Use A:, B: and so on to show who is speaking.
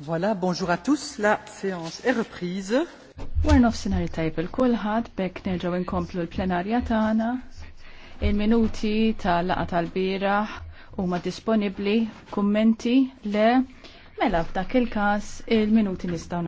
A: Voilà, bonjour à tous, la séance est reprise.
B: War nofsinari tajb il-kulħad, bekk nerġaw inkomplu l-plenarja tagħna. Il-minuti tal-laqa tal-biraħ huma disponibbli, kummenti le, mela f'dak il-każ il-minuti nistgħu